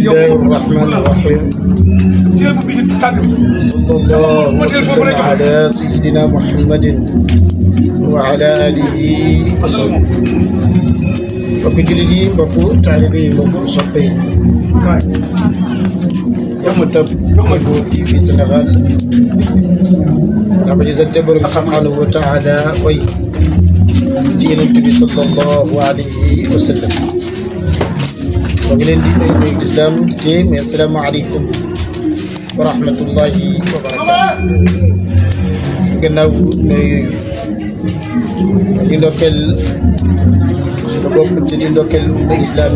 الله الرحمن الرحيم صلى الله وسلم على سيدنا محمد وعلى آله وصحبه mbokk jullit yi mbokk taalibe yi mbokk soppe yi Yamutab Info TV Sénégal ndax ba ñu sant borom subhanahu wa taala way ci yonent bi sallallahu alayhi wa sallam الإسلام جيم السلام عليكم ورحمة الله وبركاته. الإسلام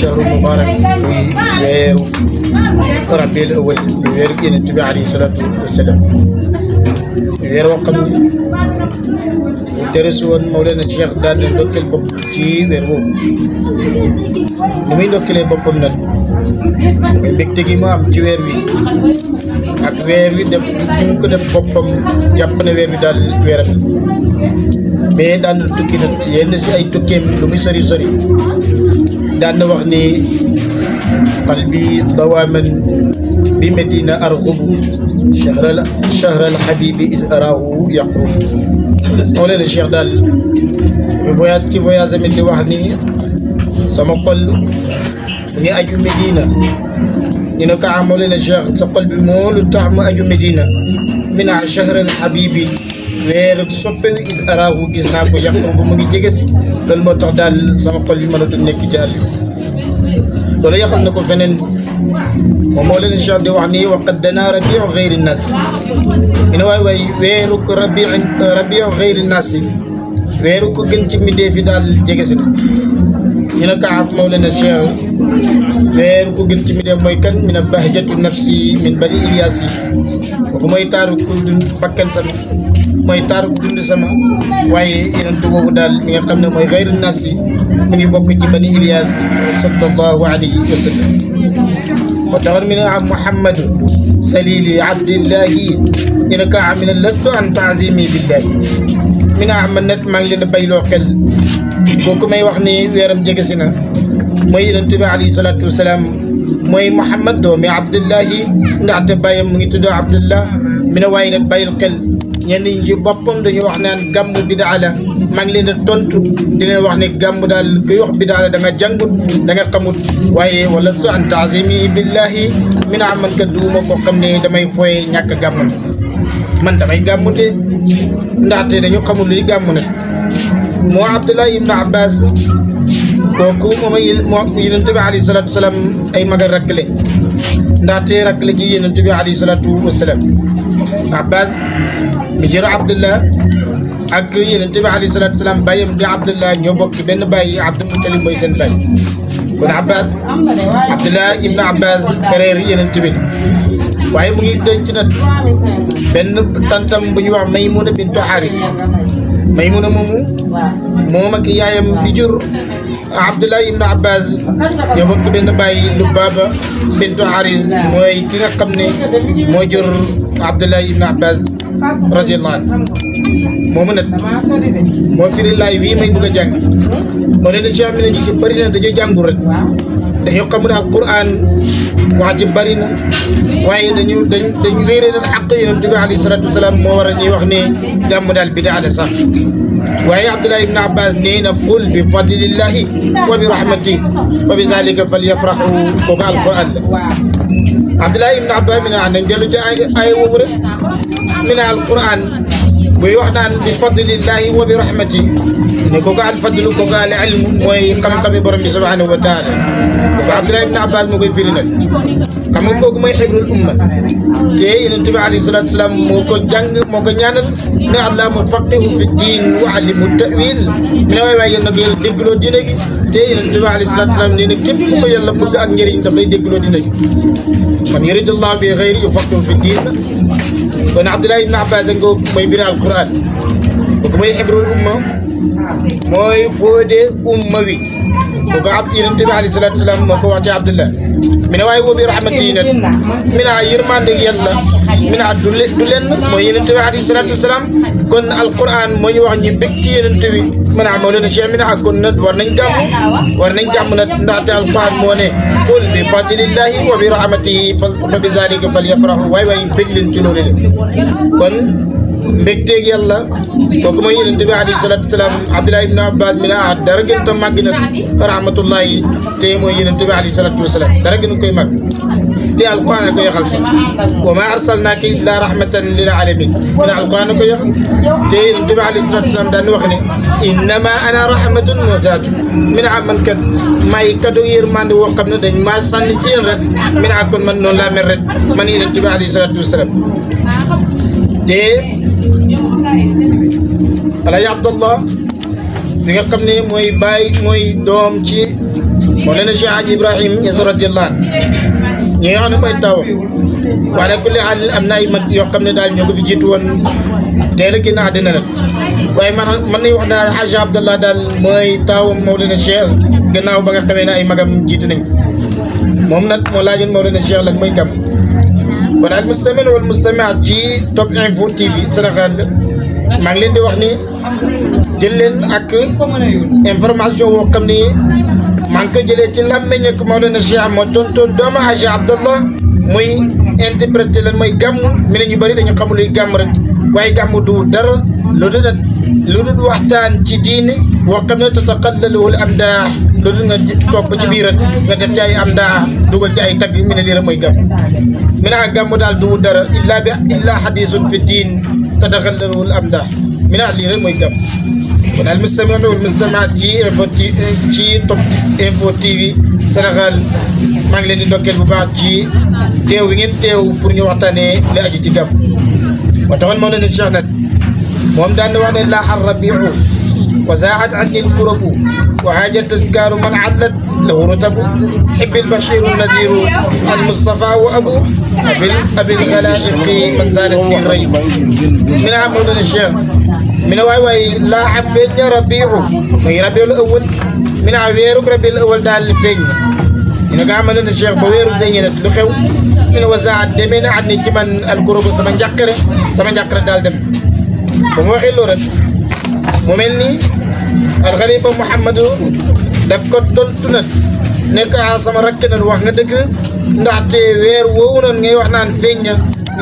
شهر مبارك ربي الأول النبي عليه الصلاة والسلام. tere si woon Mawlana Cheikh daal di ndokkeel bopp ci weer woowu ni muy ndokkeelee boppam nag mooy mbégte gi mu am ci weer wi ak weer wi def ni mu ko def boppam jàpp na weer wi daal weeram mais daan na tukki nag yenn si ay tukkeem lu muy sori sori daan wax ni xal bi dawaamen بمدينة أرغب شهر شهر الحبيب إذ أراه يقرب قول الشيخ دال بفويات كي فويات من دي سما قل ني أجو مدينة نينا كعمل الشيخ سقل بمول تحم أجو مدينة من شهر الحبيب غير soppe إذ أراه arahu gis naa ko yàqam ba mu ngi jege si loolu moo tax daal sama xol ومولد الشعب وحني وقد دنا ربيع غير الناس من واي واي ويروك ربيع ربيع غير الناس ويروك جنت من دي في دال جيغسنا من كعب مولنا الشيخ ويروك جنت من دي موي كان من بهجة النفس من بني إلياسي وكما يتارك كل دن بكن سمي mooy taarug dund sama waaye yeneen boobu daal mi nga xam ne mooy xayru nas yi mu ngi bokk ci bani Ilias sallallahu alayhi wa sallam wa tawar min am ah Muhammadu salili abdillahi dina ka am lastu an taazimi billahi mi na am ah nag maa ngi leen a bayloo xel kooku may wax ni weeram jege si na mooy yonent bi alayhi salaatu wasalaam mooy Muhammad doomi abdillahi ndaxte bàyyam mu ngi tudd abdillah mi na waaye nag bàyyil xel ñenn i ci boppam dañuy wax naan gàmm bidaa la maa ngi leen di tontu di leen wax ne gàmm daal kuy wax bidaa la da nga jàngut xamut waaye wala su an taasimi billahi mi naa man ka duuma koo xam ne damay fooye ñàkk gàmm na man damay gàmm de ndaxte dañu xamul luy gàmm ne moo Abdullah ibn Abbas kooku mooma moo yonent bi alayhi salaatu wasalaam ay magal rakk lañ ndaxte rakk la ji yonent bi alayhi salaatu wasalaam abbas mi jëru abdullah ak yeneen bi alayhi salaatu salaam bàyyam di abdullah ñoo bokk ci benn bàyyi abdul mutalib mooy seen bàyyi kon abbas abdullah ibn abbas frère yeneen waaye mu ngi denc nag benn tantam bu ñuy wax maymuna bintu xaaris maymuna moomu moom ak yaayam bi jur Abdullah ibn Abbas ñoo bokk benn bàyyi Lubaba bintu Haris mooy ki nga xam ne moo jur Abdullah ibn Abbas radiyallahu anhu moo mën a moo firi laay wii may bëgg jang jàng moo leen ci am ñu si bëri na dañu jàngul rek dañoo xamul alquran wajib ji bëri na waaye dañu dañ dañ wéere na àq yonent bi alayhi salatu wasalaam moo war a wax ne jàmm daal bidaa la sax waaye abdullah ibn abbas nee na qul bi fadlillahi wa bi rahmati fa bi zalika falyafrahu kooku alquran abdullah ibn abbas mina ne ah nañ dellu ci ay ay rek mi alquran ويوحنا بفضل الله وبرحمته نكو قاعد فضل كو قال علم موي خم خم برم سبحانه وتعالى عبد الله بن عباس موي فيرنا كم كو موي خبر الامه تي ان تبع عليه الصلاه والسلام موكو جان موكو نيانال ان الله مفقه في الدين وعلم التاويل من واي واي نغي ديبلو دينك te yonent bi alayhi salaatu salaam nee na képp ku ko yàlla bëgg ak njëriñ daf lay déggloo dina ji man yuridullah bi xayri yufaqihu fi diin kon Abdullah ibn Abbas nga mooy biri alquran kooku mooy ibrul umma mooy fóode umma wi وقعب إيرن تبع عليه سلام سلام مكوا كي عبد من هواي هو بيرحم الدين من عير ما نجي الله من عدل دلنا ما إيرن تبع عليه سلام سلام كن القرآن ما يوحني بكي إيرن تبع من عمل الشيء من عكون ند ورنين جام ورنين جام من نات القرآن موني قل بفضل الله وبرحمته فبذلك فليفرحوا واي واي بكل جنون كن mbégteeg yàlla kooku mooy yonent bi alayhi salaatu wa salaam Abdullah ibn Abbas mi naa ah, dara gën ta màgg na rahmatullahi te mooy yonent bi alayhi salaatu wa salaam dara gën koy màgg te alquran a koy yaxal si wa maa arsalnaaka illaa rahmatan lil aalamiin mi naa alquran a koy yaxal te yonent bi alayhi salaatu wa salaam daan wax ne innama ana rahmatun muhdaatun mi naa ah, man kat may kaddu yërmande woo xam ne dañ maa sànni ci yéen rek mi naa ah, kon man noonu laa mel rek man yonent bi alayhi salaatu wa salaam te Alaaji Abdallah mi nga xam ne mooy baay mooy doom ci moo leen Cheikh Hadji Ibrahim Niass radiyallahu ñi nga xam ne mooy taw waaye ku li xaal am na ay mag yoo xam ne daal ñoo ko fi jiitu woon teel a génn àddina nag waaye man man nañu wax daal Hadji Abdallah daal mooy taawam Mawlana Cheikh gannaaw ba nga xamee ne ay magam jiitu nañ moom nag moo laajoon Mawlana Cheikh lan mooy gàmm kon al mustamil wal mustamiat ci Top Info TV Sénégal maa ngi leen di wax ni jël leen ak information boo xam ni maa ngi ko jëlee ci làmmeñ ak Mawlana Cheikh moo tontoon doomu Haji Abdallah muy interprété lan mooy gàmm mi ne ñu bari dañu xamul luy gàmm rek waaye gàmm du dara lu dul lu dul waxtaan ci diine boo xam ne tataqallaluhul am daa lu dul nga topp ci biir nga def ci ay am daa dugal ci ay tagg mi ne lii rek mooy gàmm mi ne ah gàmm daal du dara illa bi illa hadisun fi diin تتغلغلوا الأمداح من علي غير ميدم ونا المستمعين والمستمع جي انفو تي جي توب انفو تي في سنغال مانغ لين دوكيل بو بات جي تيو نين تيو بور ني واتاني لا اجي تي دم وتون مولانا الشيخ نات موم دان وان لا حر ربيع وزاعت عني الكرب وهاجت تذكار من علت له رتب حب البشير النذير المصطفى وابو ابي ابي الخلائق من زالت في الريب من عمود الشيخ من واي واي لا عفين يا ربيعه من ربيع الاول من عفيرك ربيع الاول دال الفين من قام عمل الشيخ بوير زينة لخو من وزع الدمين عدني كمان الكروب سمن جكره سمن جكره دال دم ومو خلورت ومني الخليفه محمد daf ko tontu nag ne ko ah sama rakk nan wax nga dëgg ndaxte weer woowu noonu ngay wax naan feeñ na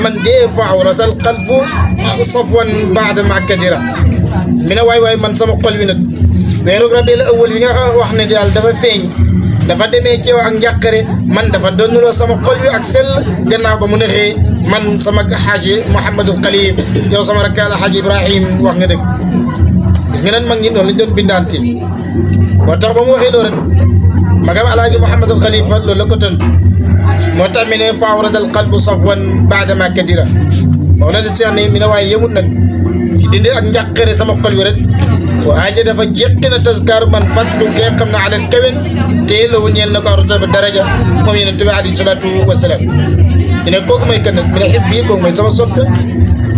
man dee faaw rasal qalbu safwan baada ma kadira mi ne waay waay man sama xol wi nag weeru rabiul awwal yi nga xam wax ne daal dafa feeñ dafa demee ceew ak njàqare man dafa donnuloo sama xol wi ak sell gannaaw ba mu nexee man sama xaaji Mouhamadul Khalif yow sama rakk Alxaaji Ibrahim wax nga dëgg gis nga nan mag ñi noonu lañ doon bindaante motax bamu waxe lo rek magam alaaji al Khalifa lo la ko tënk moo tax mi ne fa awrada al qalbu safwan baadama kadira wala la di seex way mi ne ci dindi ak njaqere sama xol yu rek wa aje dafa jekina tazkar man fatu ge xamna ala alal kawen teel a wu ñeel na ko arutoo ba daraja moom yonent bi alayhi salaatu wasalaam mi ne kooku may kan nag mi ne xib may sama soppe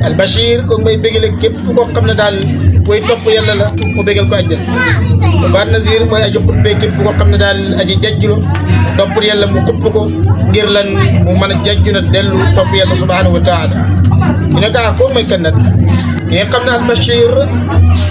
al bashir kooku may begele kep fu ko xamna dal way topp yàlla la mu bégal ko àjjana ba nazir mooy aji xutbe képp ko xam ne daal aji jajjulo topp yàlla mu xupp ko ngir lan mu mën a jajju na dellu topp yàlla subhanahu wa taala ñu ne ko ah koo mooy kan nag ñi nga xam ne albachir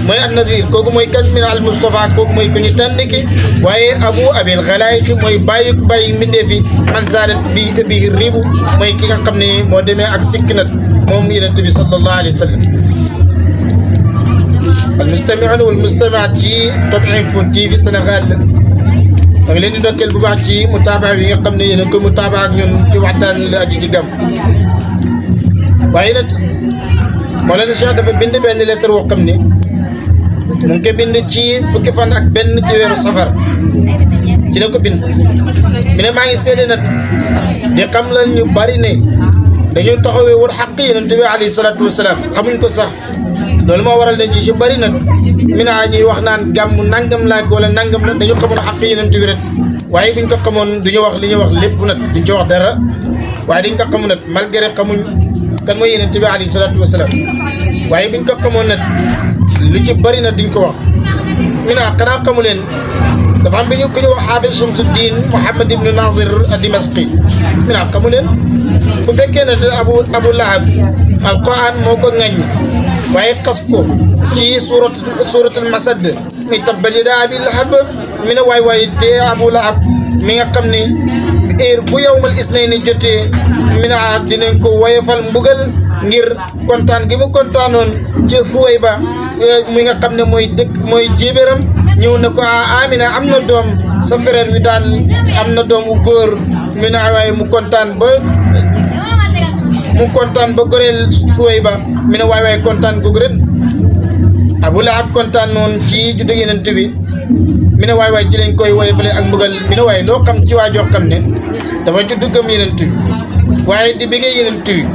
mooy an nazir kooku mooy kan min al Mustafa kooku mooy ku ñu tànn ki waaye abu abil xalaayiki mooy bàyyi bàyyi mbindeef yi an saadat bi bi ribu mooy ki nga xam ne moo demee ak sikkinat moom yonent bi sallallahu alayhi wa sallam المستمعون والمستمعات جي تابعين فون تي في سنغال da nga leen di dokkeel bu baax ci mutaabaa bi nga xam ne yéen a ngi koy mutaabaa ak ñun ci waxtaan la aji ci gam waaye nag Mawlana Cheikh dafa bind benn lettre woo xam ne mu ngi koy bind ci fukki fan ak benn ci weeru safar ci la ko bind mi ne maa ngi seede nag di xam la ñu bari ne dañu taxawee wut xaq yonent bi alayhi salaatu wasalaam xamuñ ko sax loolu moo waral dañ ci si bëri nag minaa ñuy wax naan gàmm nangam laag wala nangam la dañu xamoon xaq yi nañ tubi waaye buñ ko xamoon duñu wax li ñuy wax lépp nag duñ ci wax dara waaye dañ ko xamu nag malgré xamuñ kan mooy yonent bi alayhi salaatu wasalaam waaye buñ ko xamoon nag lu ci bëri nag duñ ko wax minaa xanaa xamu leen dafa am bi ñu ku ñu wax xaafis Shamsuddin Muhammad ibnu Nazir ad-Dimasqi minaa xamu leen bu fekkee ne abu abu lahab alquran moo ko ŋañ waaye xas ko ci surat suratul masad ni tabbat yadaa lahab mi waay waay mi nga xam ni heure bu yawmal isnayni jotee mi ne ah dinañ ko woyofal mbugal ngir kontaan gi mu kontaanoon ci fuway ba eh, mi nga xam ne mooy dëkk mooy jibéram ñëw na ko ah Amina am na doom sa frère wi daal am na doomu góor mi ne waaye mu kontaan ba mu kontaan ba gorel suway ba ne way way kontaan gu gërëm abula ab kontaan non ci juddu Yonent bi mi ne way waay ci len koy fele ak mbugal mi way waay xam ci waa xamne dafa juddu gëm Yonent bi waye di bi nga Yonent bi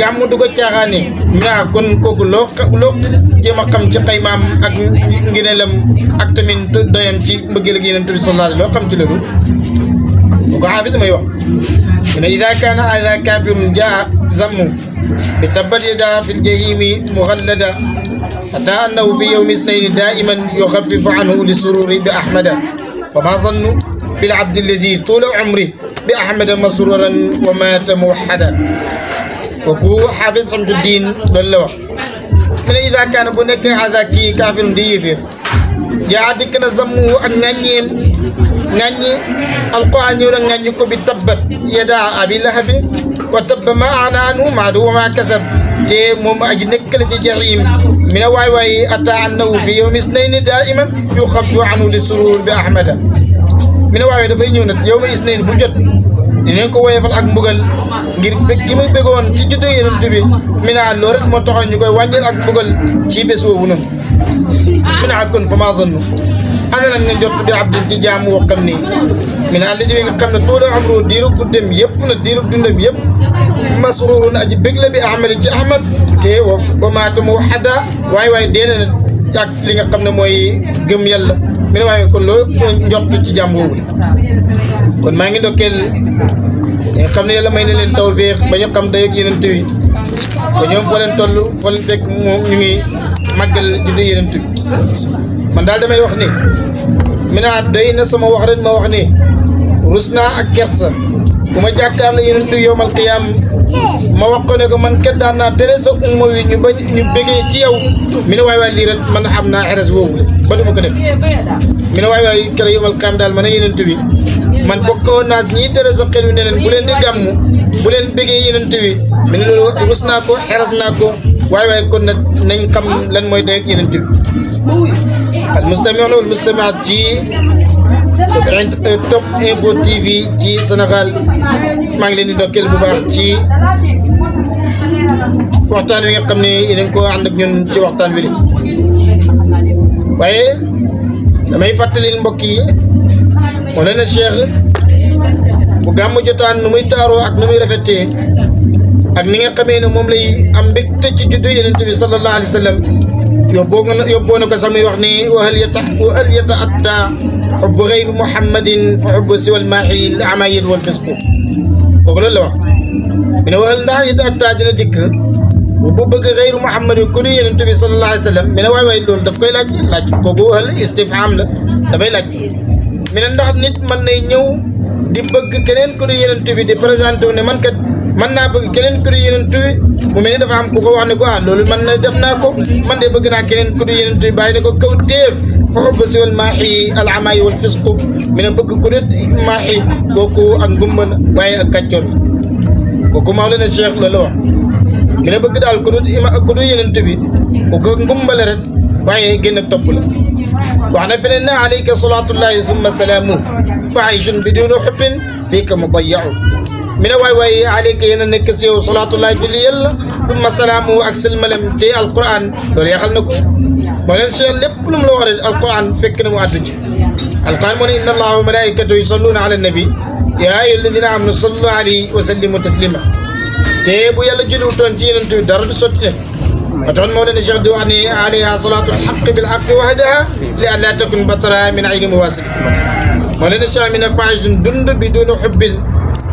gamu du ko tiaxane mi kon ko loo lo jéem a xam ci xay ak ngeneelam ak tamin doyam ci mbugal ak bi sallallahu alayhi loo xam ci lolu ko hafis may wax ina ida kaana kafirun jaa زمو بتبت يدا في الجهيم مغلدا حتى أنه في يوم اثنين دائما يخفف عنه لسرور بأحمد فما ظن بالعبد الذي طول عمره بأحمد مسرورا ومات موحدا وكو حافظ سمج الدين لله من إذا كان بنك هذا كافر ديفر يا عدك زمو أنغانيم غاني القرآن يورا غاني بتبت يدا أبي لهبي وتب ما عنا عنه معدو ما كسب تي موم اج نكل تي جحيم من واي واي اتى عنه في يوم اثنين دائما يخف عنه للسرور باحمد من واي واي دا فاي نيو نات يوم اثنين بو جوت dinañ ko woyefal ak mbugal ngir bég gi mu bégoon ci juddu yonent bi mi naa loo rek moo taxoon ñu koy wàññil ak mbugal ci bés woowu noonu mi naa kon fa maa zannu adalan nga jot bi abdin ci jaamu woo xam ni mi naa lijji nga xam ne tuula amru diiru guddem yëpp na diiru dundam yëpp masrurun aji bég la bi ahmad ci ahmad te wa ba maata mu waxada waay waay dee na ak li nga xam ne mooy gëm yàlla mi ne waaye kon loolu njort ci jàmm woowu kon maa ngi ndokkeel li nga xam ne yàlla may na leen tawféex ba ñu xam day ak yeneen tuuti ba ñoom foo leen toll foo leen fekk moom ñu ngi màggal juddu yeneen tuuti man daal damay wax ni mi naa doy na sama wax ren ma wax ni rus naa ak kersa bu ma jàkkaar la yonentu yowmal qiyaam ma wax ko ne ko man kat daan naa tere sa umma wi ñu bañ ñu ci yow mi ne waay waay lii ren man am naa xeres woowu ba du ma ko def mi ne waay waay keroog yowmal qiyaam daal man a yonent bi man bokkoo naa ñiy tere sa xel wi ne leen bu leen di gàmmu bu leen bégee yonent wi mi rus naa ko xeres naa ko waay waay kon nag nañ xam lan mooy dayeg yonent المستمعون والمستمعات جي تابعين توب انفو تي في جي سنغال ماغي لي ندوكل بو باخ جي وقتان ويغا خمني اي نكو عندك نيون جي وقتان بي وي دامي فاتلي مبوكي مولانا شيخ bu gàmm jotaan nu muy taaroo ak nu muy rafetee ak ni nga xamee ne moom lay am mbégte ci juddu yenente bi sallallahu alayhi wa sallam يبون يبون كسمي وغني وهل يتع وهل يتأتى حب غير محمد فحب سوى الماحي الأعمى والفسق وقول له من وهل ده يتأتى جندك وبوبك غير محمد كوري النبي صلى الله عليه وسلم من وعي وعي لون تفكي لاج لاج كوكو هل استفهام لا تفكي لاج من عندها نت من نيو دي بق كنن كوري النبي دي برزانتو نمن كت من نابق كنن كوري النبي mu mel ni dafa am ku ko wax ah, man na def naa ko man de bëgg naa keneen ku du yeneen tuy bàyyi ne ko kaw téef foofu ba siwal maaxi al amaayi wal fisqu mi ne bëgg ku dut maaxi kooku ak ngumba la waaye ak kàccoor kooku maw leen mi ne bëgg daal ku dut bi kooku ak ngumba la rek la wax na feneen na alayka salaatullahi summa salaamu fa ayshun biduni xubbin fii ka mudayaun من واي واي عليك هنا نكسي وصلاة الله جليل ثم السلام وأكسل ملم تي القرآن ولي أخلنكم ولن شاء لبنم لغر القرآن فكنا مؤدج القرآن من إن الله وملائكته يصلون على النبي يا أيها الذين آمنوا صلوا عليه وسلموا تسليما تيبو يلا جلو تنتين انتو درد سوتنا فتون مولانا شيخ دواني عليها صلاة الحق بالحق وهدها لأن لا تكون بطرها من عين مواسل مولانا شيخ من فاعز دند بدون حب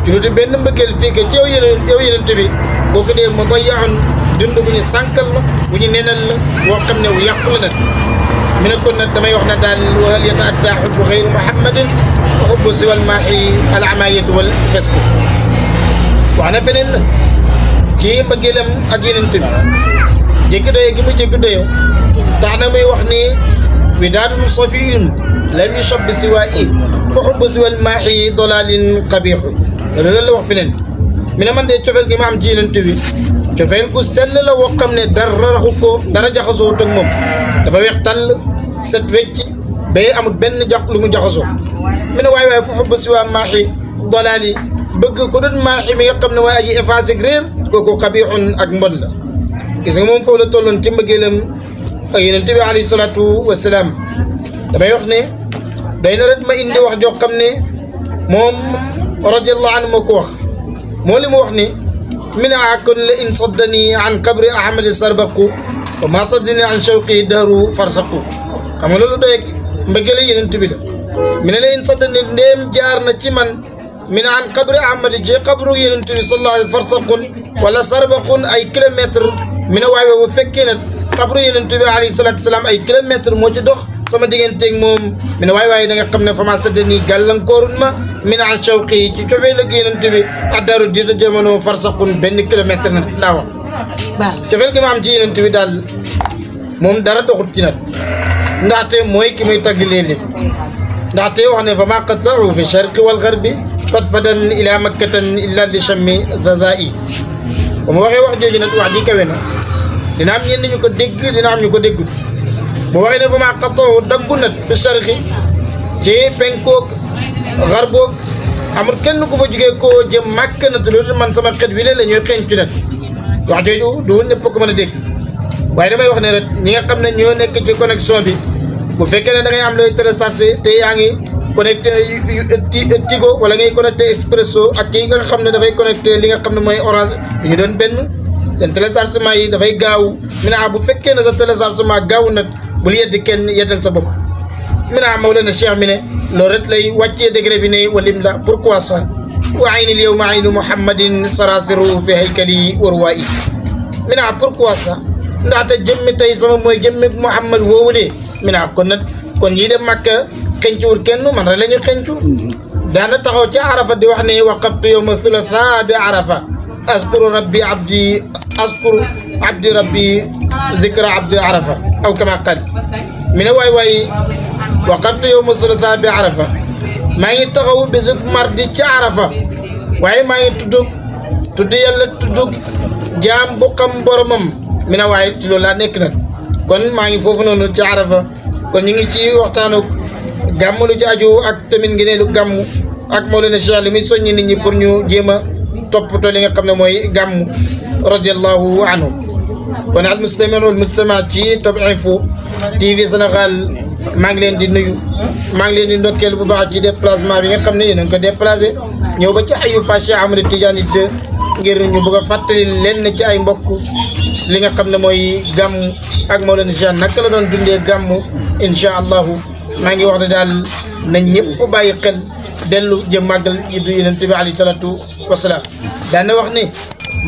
julliti benn mbëggeel fii que ci yow yeneen yow yeneen bi kooku dee ma ba yaaxoon dund bu ñu sànkal la bu ñu nenal la boo xam ne bu yàqu la nag mi ne kon nag damay wax na daal wahal yata'atta hubbu ghayri muhammadin wa hubbu siwal maahi al amaayatu wal fesku wax na feneen nag ci mbëggeelam ak yeneen bi jéggi doyo gi mu jéggi doyo tax na muy wax ni widaadun safiyun lam yushab bi siwaa'i fa hubbu siwal maahi dalalin qabiixun loolu la wax feneen mi ne man de cofeel gi ma am ci yonent bi cofeel gu sell la woo xam ne dara raxu ko dara jaxasoo ak moom dafa weex tàll set wecc ba amul benn jax lu mu jaxasoo mi ne waay waay fa xubba si waa maaxi dolaal yi bëgg maaxi mi nga xam ne waaye a effacé ak réer kooku xabiixun ak mbon la gis nga moom foofu la tolloon ci mbëggeelam ak yonent bi alayhi salaatu wasalaam damay wax day na ret ma indi wax joo xam ne moom رضي الله عنه مكو واخ مولي مو واخني من اعكن لان صدني عن قبر احمد سربقو وما صدني عن شوقي دهر فرسقو خما لولو ديك مبغل يننت بي من لان صدني ديم جار نا من من عن قبر احمد جي قبر يننت صلى الله عليه فرسقون ولا سربقون اي كيلومتر من واي وفكين قبر يننت عليه الصلاه والسلام اي كيلومتر مو دوخ sama digganteeg moom mi ne waay waay da nga xam ne fama saddanii gàllankoorun ma min an shawqi yi ci cofee la génante bi addaru di ta jamono farsaqun benn kilomètre na laa wax cofeel gi ma am ci yenante bi daal moom dara doxut ci nag mooy ki muy tagg léeg-léeg ndaxte wax ne fa ma qattau fi sharqi wal garbi fadfadan ila makkatan illa li chammi zazai ba mu waxee wax jooju nag wax ji kawe na dina am ñenn ñu ko dégg dina am ñu ko déggut mu wax ne fa maa xattoo daggu nat fi sarxi ci penkoog xarboog amul kenn ku fa jugee koo jëm màkk nat loolu man sama xet wi leen la ñooy xencu nat wax jooju du ñëpp ko mën a dégg waaye damay wax ne rek ñi nga xam ne ñoo nekk ci connexion bi bu fekkee ne da ngay am looy téléchargé te yaa ngi connecté Tigo wala ngay connecté Expresso ak yi nga xam ne dafay connecté li nga xam ne mooy Orange du ñu doon benn seen téléchargement yi dafay gaaw mi bu fekkee ne sa téléchargement gaaw nag بليه دكان يدل تبوك من عمولنا الشيخ منه لورت لي واتي دغربيني ولم لا بركواسا وعين اليوم عين محمد سراسر في هيكلي وروائي من عم بركواسا لا تجمي تاي سمو جمك محمد وولي من عم كنت كون يد مكه كنتور كنو من رلا ني كنتو دانا تاخو تي عرفه دي وخني وقفت يوم الثلاثاء بعرفه اذكر ربي عبدي اذكر عبد ربي ذكر عبد عرفه أو كما قال من واي واي وقفت يوم الثلاثاء بعرفة ما يتغو بزك مردي كعرفة واي ما يتدوك tuddi yàlla tuddug jaam bu xam boromam mi na ci loolu laa nekk nag kon maa ngi foofu noonu ci arafa kon ñu ngi ci waxtaanu gàmm lu ci ak tamit ngi ne lu gàmm ak Mawlana Cheikh li muy soññi nit ñi pour ñu jéem a toppatoo li nga xam ne mooy gàmm radiallahu anhu kon al mustamir wal mustamaat ci Top Info TV Sénégal maa ngi leen di nuyu maa ngi leen di ndokkeel bu baax ci déplacement bi nga xam ne yéen a ngi ko déplacé ñëw ba ci ayu Faché Amadou Tidiane 2 ngir ñu bëgg a fàttali leen ci ay mbokk li nga xam ne mooy gàmm ak Mawlana Cheikh naka la doon dundee gàmm incha allahu maa ngi wax ne daal na ñëpp bàyyi xel dellu jëm màggal yi du Yonent bi alayhi salaatu wasalaam daana wax ne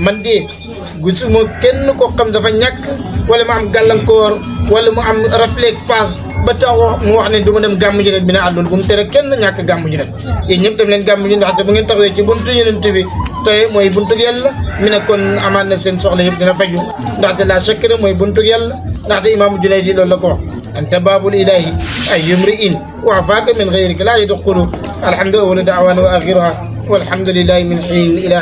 man de. gisuma kenn koo xam dafa ñàkk wala mu am gàllankoor wala mu am rafleek paas ba mu wax ne du ma dem gàmmu ji ren bi naa ah loolu mu tere kenn ñàkk gàmmu ji ren yéen ñëpp dem leen gàmmu ji ndaxte bu ngeen taxawee ci buntu yeneen bi tey mooy buntu yàlla mi ne kon amaan na seen yëpp dina faju ndaxte mooy buntu yàlla ndaxte imaamu Junayd la ko wax anta baabul ilaahi ay yumri in wa afaaka min xayrika laa yadxulu alhamdu awwalu daawaana wa axiruha walhamdulillahi min xiin ila